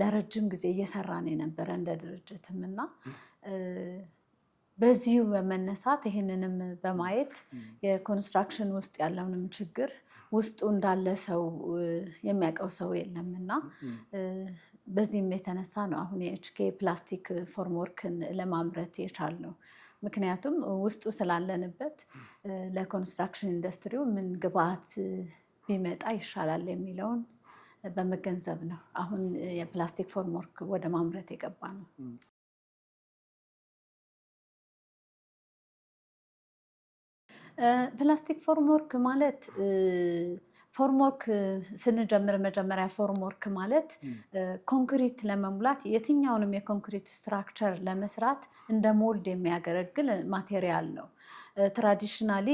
ለረጅም ጊዜ እየሰራን የነበረ እንደ ድርጅትም እና በዚሁ በመነሳት ይህንንም በማየት የኮንስትራክሽን ውስጥ ያለውንም ችግር ውስጡ እንዳለ ሰው የሚያውቀው ሰው የለም እና በዚህም የተነሳ ነው አሁን የኤችኬ ፕላስቲክ ፎርምወርክን ለማምረት የቻልነው። ምክንያቱም ውስጡ ስላለንበት ለኮንስትራክሽን ኢንዱስትሪው ምን ግብአት ቢመጣ ይሻላል የሚለውን በመገንዘብ ነው አሁን የፕላስቲክ ፎርምወርክ ወደ ማምረት የገባ ነው። ፕላስቲክ ፎርምወርክ ማለት ፎርምወርክ ስንጀምር መጀመሪያ ፎርምወርክ ማለት ኮንክሪት ለመሙላት የትኛውንም የኮንክሪት ስትራክቸር ለመስራት እንደ ሞልድ የሚያገለግል ማቴሪያል ነው። ትራዲሽናሊ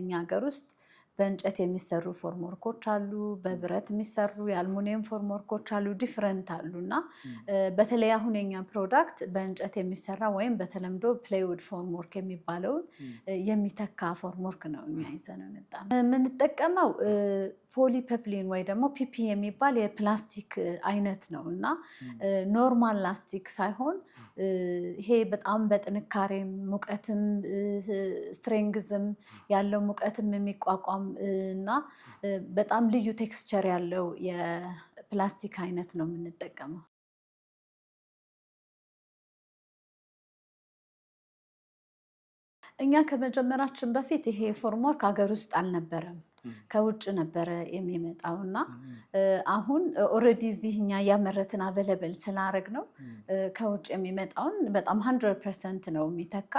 እኛ ሀገር ውስጥ በእንጨት የሚሰሩ ፎርምወርኮች አሉ፣ በብረት የሚሰሩ የአልሙኒየም ፎርምወርኮች አሉ፣ ዲፍረንት አሉ እና በተለይ አሁን የኛ ፕሮዳክት በእንጨት የሚሰራ ወይም በተለምዶ ፕሌይውድ ፎርምወርክ የሚባለውን የሚተካ ፎርምወርክ ነው የሚያይዘ ነው የምንጠቀመው ፖሊፐፕሊን ወይ ደግሞ ፒፒ የሚባል የፕላስቲክ አይነት ነው እና ኖርማል ላስቲክ ሳይሆን ይሄ በጣም በጥንካሬም ሙቀትም ስትሬንግዝም ያለው ሙቀትም የሚቋቋም እና በጣም ልዩ ቴክስቸር ያለው የፕላስቲክ አይነት ነው የምንጠቀመው። እኛ ከመጀመራችን በፊት ይሄ ፎርምወርክ ሀገር ውስጥ አልነበረም። ከውጭ ነበረ የሚመጣው እና አሁን ኦልሬዲ እዚህ እኛ እያመረትን አቬለብል ስላረግ ነው ከውጭ የሚመጣውን በጣም ሀንድረድ ፐርሰንት ነው የሚተካ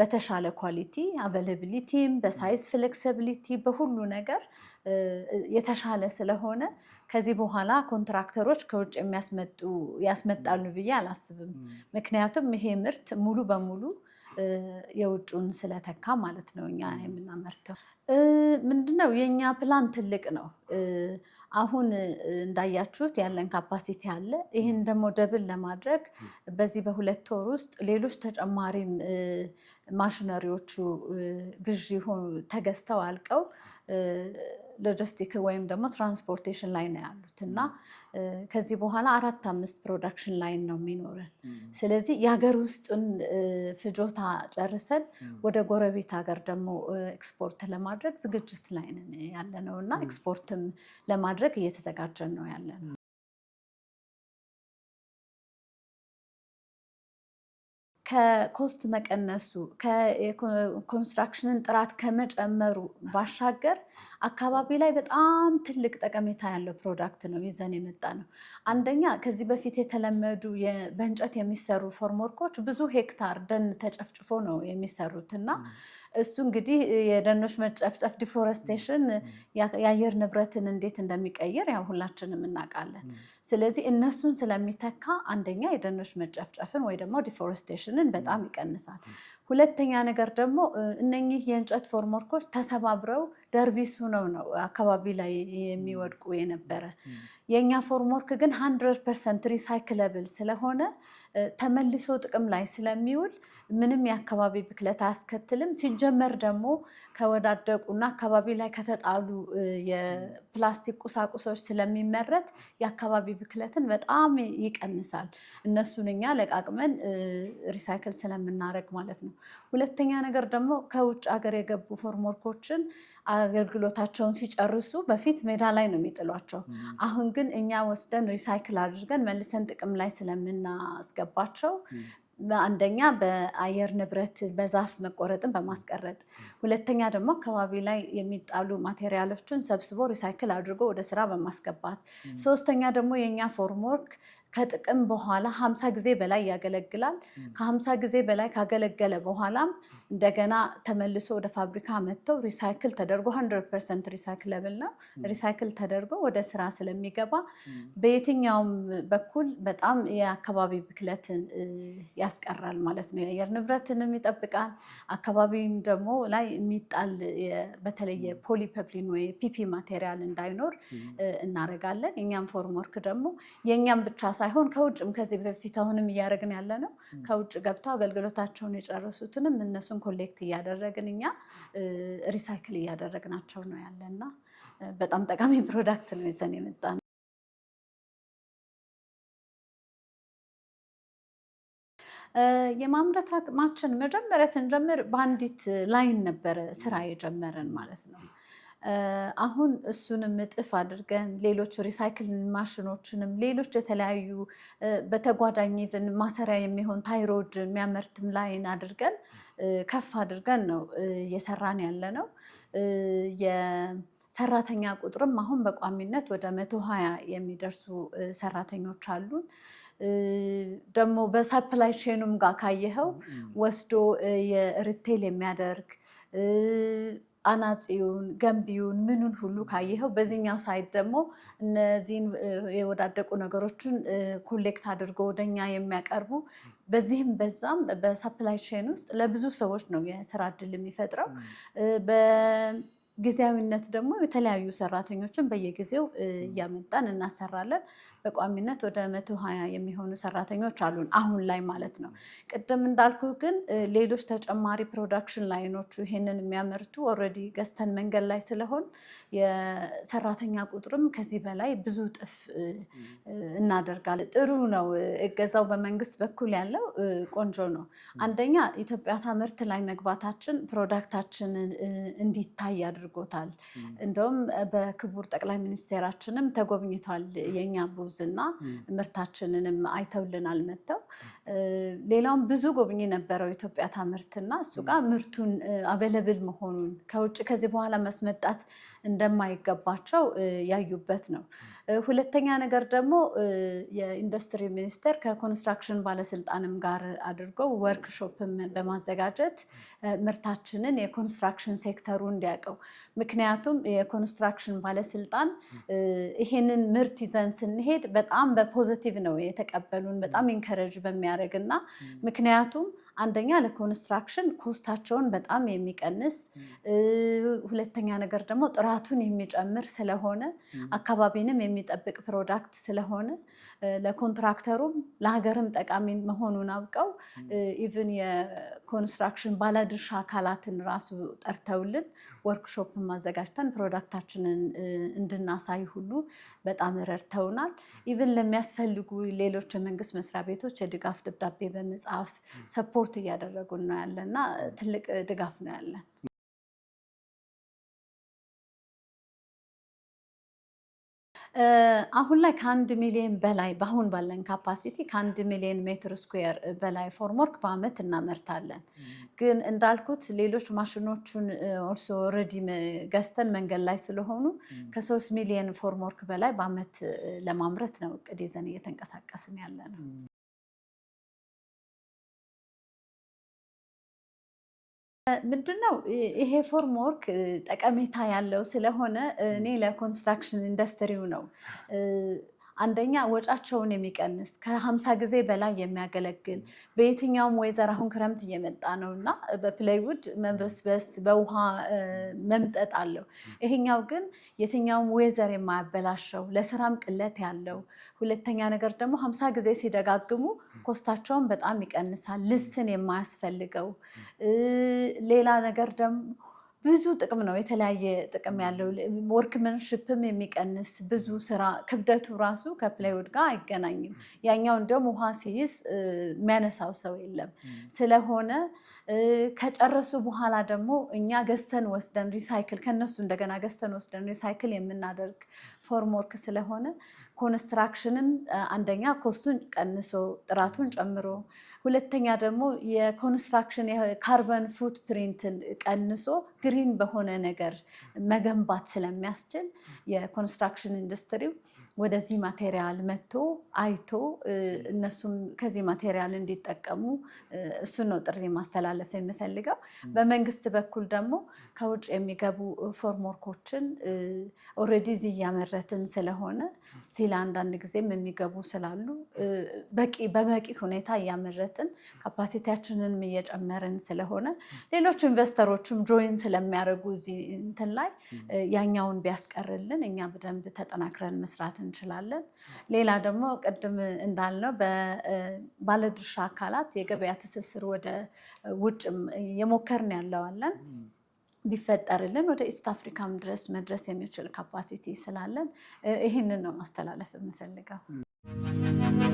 በተሻለ ኳሊቲ አቬለብሊቲም፣ በሳይዝ ፍሌክሲቢሊቲ፣ በሁሉ ነገር የተሻለ ስለሆነ ከዚህ በኋላ ኮንትራክተሮች ከውጭ የሚያስመጡ ያስመጣሉ ብዬ አላስብም። ምክንያቱም ይሄ ምርት ሙሉ በሙሉ የውጭውን ስለተካ ማለት ነው እኛ የምናመርተው ምንድነው። የእኛ ፕላን ትልቅ ነው። አሁን እንዳያችሁት ያለን ካፓሲቲ አለ። ይህን ደግሞ ደብል ለማድረግ በዚህ በሁለት ወር ውስጥ ሌሎች ተጨማሪም ማሽነሪዎቹ ግዢ ተገዝተው አልቀው ሎጂስቲክ ወይም ደግሞ ትራንስፖርቴሽን ላይ ነው ያሉት እና ከዚህ በኋላ አራት አምስት ፕሮዳክሽን ላይን ነው የሚኖረን። ስለዚህ የሀገር ውስጡን ፍጆታ ጨርሰን ወደ ጎረቤት ሀገር ደግሞ ኤክስፖርት ለማድረግ ዝግጅት ላይ ነው እና ኤክስፖርትም ለማድረግ እየተዘጋጀን ነው ነው። ከኮስት መቀነሱ የኮንስትራክሽንን ጥራት ከመጨመሩ ባሻገር አካባቢ ላይ በጣም ትልቅ ጠቀሜታ ያለው ፕሮዳክት ነው ይዘን የመጣ ነው። አንደኛ ከዚህ በፊት የተለመዱ በእንጨት የሚሰሩ ፎርምወርኮች ብዙ ሄክታር ደን ተጨፍጭፎ ነው የሚሰሩት እና እሱ እንግዲህ የደኖች መጨፍጨፍ ዲፎረስቴሽን የአየር ንብረትን እንዴት እንደሚቀይር ያው ሁላችንም እናውቃለን። ስለዚህ እነሱን ስለሚተካ አንደኛ የደኖች መጨፍጨፍን ወይ ደግሞ ዲፎረስቴሽንን በጣም ይቀንሳል። ሁለተኛ ነገር ደግሞ እነኚህ የእንጨት ፎርምወርኮች ተሰባብረው ደርቢሱ ነው ነው አካባቢ ላይ የሚወድቁ የነበረ። የእኛ ፎርምወርክ ግን ሀንድረድ ፐርሰንት ሪሳይክለብል ስለሆነ ተመልሶ ጥቅም ላይ ስለሚውል ምንም የአካባቢ ብክለት አያስከትልም። ሲጀመር ደግሞ ከወዳደቁና አካባቢ ላይ ከተጣሉ የፕላስቲክ ቁሳቁሶች ስለሚመረት የአካባቢ ብክለትን በጣም ይቀንሳል። እነሱን እኛ ለቃቅመን ሪሳይክል ስለምናደርግ ማለት ነው። ሁለተኛ ነገር ደግሞ ከውጭ ሀገር የገቡ ፎርምወርኮችን አገልግሎታቸውን ሲጨርሱ በፊት ሜዳ ላይ ነው የሚጥሏቸው። አሁን ግን እኛ ወስደን ሪሳይክል አድርገን መልሰን ጥቅም ላይ ስለምናስገባቸው አንደኛ በአየር ንብረት በዛፍ መቆረጥን በማስቀረጥ ሁለተኛ ደግሞ አካባቢ ላይ የሚጣሉ ማቴሪያሎችን ሰብስቦ ሪሳይክል አድርጎ ወደ ስራ በማስገባት ሶስተኛ ደግሞ የእኛ ፎርምወርክ ከጥቅም በኋላ ሀምሳ ጊዜ በላይ ያገለግላል። ከሀምሳ ጊዜ በላይ ካገለገለ በኋላም እንደገና ተመልሶ ወደ ፋብሪካ መጥተው ሪሳይክል ተደርጎ ሀንድረድ ፐርሰንት ሪሳይክለብል ነው። ሪሳይክል ተደርጎ ወደ ስራ ስለሚገባ በየትኛውም በኩል በጣም የአካባቢ ብክለትን ያስቀራል ማለት ነው። የአየር ንብረትንም ይጠብቃል። አካባቢም ደግሞ ላይ የሚጣል በተለየ ፖሊፐፕሊን ወይ ፒፒ ማቴሪያል እንዳይኖር እናደርጋለን። የኛም ፎርምወርክ ደግሞ የእኛም ብቻ ሳይሆን ከውጭም ከዚህ በፊት አሁንም እያደረግን ያለ ነው። ከውጭ ገብተው አገልግሎታቸውን የጨረሱትንም እነሱን ኮሌክት እያደረግን እኛ ሪሳይክል እያደረግናቸው ነው ያለና በጣም ጠቃሚ ፕሮዳክት ነው ይዘን የመጣ ነው። የማምረት አቅማችን መጀመሪያ ስንጀምር በአንዲት ላይን ነበረ ስራ የጀመረን ማለት ነው። አሁን እሱንም እጥፍ አድርገን ሌሎች ሪሳይክል ማሽኖችንም ሌሎች የተለያዩ በተጓዳኝ ኢቭን ማሰሪያ የሚሆን ታይሮድ የሚያመርትም ላይን አድርገን ከፍ አድርገን ነው እየሰራን ያለ ነው። የሰራተኛ ቁጥርም አሁን በቋሚነት ወደ መቶ ሀያ የሚደርሱ ሰራተኞች አሉን። ደግሞ በሳፕላይ ቼኑም ጋር ካየኸው ወስዶ የሪቴል የሚያደርግ አናጺውን ገንቢውን ምኑን ሁሉ ካየኸው፣ በዚህኛው ሳይት ደግሞ እነዚህን የወዳደቁ ነገሮችን ኮሌክት አድርጎ ወደኛ የሚያቀርቡ በዚህም በዛም በሰፕላይ ቼን ውስጥ ለብዙ ሰዎች ነው የስራ እድል የሚፈጥረው። በጊዜያዊነት ደግሞ የተለያዩ ሰራተኞችን በየጊዜው እያመጣን እናሰራለን። በቋሚነት ወደ መቶ ሀያ የሚሆኑ ሰራተኞች አሉን አሁን ላይ ማለት ነው። ቅድም እንዳልኩ ግን ሌሎች ተጨማሪ ፕሮዳክሽን ላይኖቹ ይሄንን የሚያመርቱ ኦልሬዲ ገዝተን መንገድ ላይ ስለሆን የሰራተኛ ቁጥርም ከዚህ በላይ ብዙ እጥፍ እናደርጋለን። ጥሩ ነው። እገዛው በመንግስት በኩል ያለው ቆንጆ ነው። አንደኛ ኢትዮጵያ ታምርት ላይ መግባታችን ፕሮዳክታችንን እንዲታይ አድርጎታል። እንደውም በክቡር ጠቅላይ ሚኒስቴራችንም ተጎብኝቷል የኛ ሩዝ እና ምርታችንንም አይተውልናል መጥተው። ሌላውም ብዙ ጎብኚ ነበረው ኢትዮጵያ ታምርትና እሱ ጋር ምርቱን አቬለብል መሆኑን ከውጭ ከዚህ በኋላ ማስመጣት እንደማይገባቸው ያዩበት ነው። ሁለተኛ ነገር ደግሞ የኢንዱስትሪ ሚኒስቴር ከኮንስትራክሽን ባለስልጣንም ጋር አድርጎ ወርክሾፕም በማዘጋጀት ምርታችንን የኮንስትራክሽን ሴክተሩ እንዲያውቀው ምክንያቱም የኮንስትራክሽን ባለስልጣን ይሄንን ምርት ይዘን ስንሄድ በጣም በፖዘቲቭ ነው የተቀበሉን በጣም ኢንከረጅ በሚያደርግ እና ምክንያቱም አንደኛ ለኮንስትራክሽን ኮስታቸውን በጣም የሚቀንስ ሁለተኛ ነገር ደግሞ ጥራቱን የሚጨምር ስለሆነ አካባቢንም የሚጠብቅ ፕሮዳክት ስለሆነ ለኮንትራክተሩም ለሀገርም ጠቃሚ መሆኑን አውቀው ኢቭን የኮንስትራክሽን ባለድርሻ አካላትን ራሱ ጠርተውልን ወርክሾፕ ማዘጋጅተን ፕሮዳክታችንን እንድናሳይ ሁሉ በጣም ረድተውናል። ኢቭን ለሚያስፈልጉ ሌሎች የመንግስት መስሪያ ቤቶች የድጋፍ ደብዳቤ በመጻፍ ሰፖርት ሰፖርት እያደረጉን ነው ያለ እና ትልቅ ድጋፍ ነው ያለን። አሁን ላይ ከአንድ ሚሊዮን በላይ በአሁን ባለን ካፓሲቲ ከአንድ ሚሊዮን ሜትር ስኩዌር በላይ ፎርምወርክ በአመት እናመርታለን። ግን እንዳልኩት ሌሎች ማሽኖቹን ኦልሶ ኦልሬዲ ገዝተን መንገድ ላይ ስለሆኑ ከሶስት ሚሊዮን ፎርምወርክ በላይ በአመት ለማምረት ነው እቅድ ይዘን እየተንቀሳቀስን ያለ ነው። ምንድነው ይሄ ፎርምወርክ ጠቀሜታ ያለው ስለሆነ እኔ ለኮንስትራክሽን ኢንዱስትሪው ነው አንደኛ ወጫቸውን የሚቀንስ ከሀምሳ ጊዜ በላይ የሚያገለግል በየትኛውም ወይዘር አሁን ክረምት እየመጣ ነው እና በፕላይውድ መበስበስ በውሃ መምጠጥ አለው። ይሄኛው ግን የትኛውም ወይዘር የማያበላሸው ለስራም ቅለት ያለው ሁለተኛ ነገር ደግሞ ሀምሳ ጊዜ ሲደጋግሙ ኮስታቸውን በጣም ይቀንሳል። ልስን የማያስፈልገው ሌላ ነገር ደግሞ ብዙ ጥቅም ነው። የተለያየ ጥቅም ያለው ወርክመንሽፕም የሚቀንስ ብዙ ስራ ክብደቱ ራሱ ከፕላይውድ ጋር አይገናኝም። ያኛው እንደውም ውሃ ሲይዝ የሚያነሳው ሰው የለም ስለሆነ ከጨረሱ በኋላ ደግሞ እኛ ገዝተን ወስደን ሪሳይክል ከነሱ እንደገና ገዝተን ወስደን ሪሳይክል የምናደርግ ፎርምወርክ ስለሆነ ኮንስትራክሽንም አንደኛ ኮስቱን ቀንሶ ጥራቱን ጨምሮ ሁለተኛ ደግሞ የኮንስትራክሽን የካርበን ፉትፕሪንትን ፕሪንትን ቀንሶ ግሪን በሆነ ነገር መገንባት ስለሚያስችል የኮንስትራክሽን ኢንዱስትሪው ወደዚህ ማቴሪያል መጥቶ አይቶ እነሱም ከዚህ ማቴሪያል እንዲጠቀሙ እሱን ነው ጥሪ ማስተላለፍ የምፈልገው። በመንግስት በኩል ደግሞ ከውጭ የሚገቡ ፎርምወርኮችን ኦልሬዲ እዚህ እያመረትን ስለሆነ ስቲል አንዳንድ ጊዜም የሚገቡ ስላሉ በቂ በበቂ ሁኔታ እያመረት ን ካፓሲቲያችንን እየጨመርን ስለሆነ ሌሎች ኢንቨስተሮችም ጆይን ስለሚያደርጉ እዚህ እንትን ላይ ያኛውን ቢያስቀርልን እኛ በደንብ ተጠናክረን መስራት እንችላለን። ሌላ ደግሞ ቅድም እንዳልነው በባለድርሻ አካላት የገበያ ትስስር ወደ ውጭም እየሞከርን ያለዋለን ቢፈጠርልን ወደ ኢስት አፍሪካም ድረስ መድረስ የሚችል ካፓሲቲ ስላለን ይህንን ነው ማስተላለፍ የምፈልገው።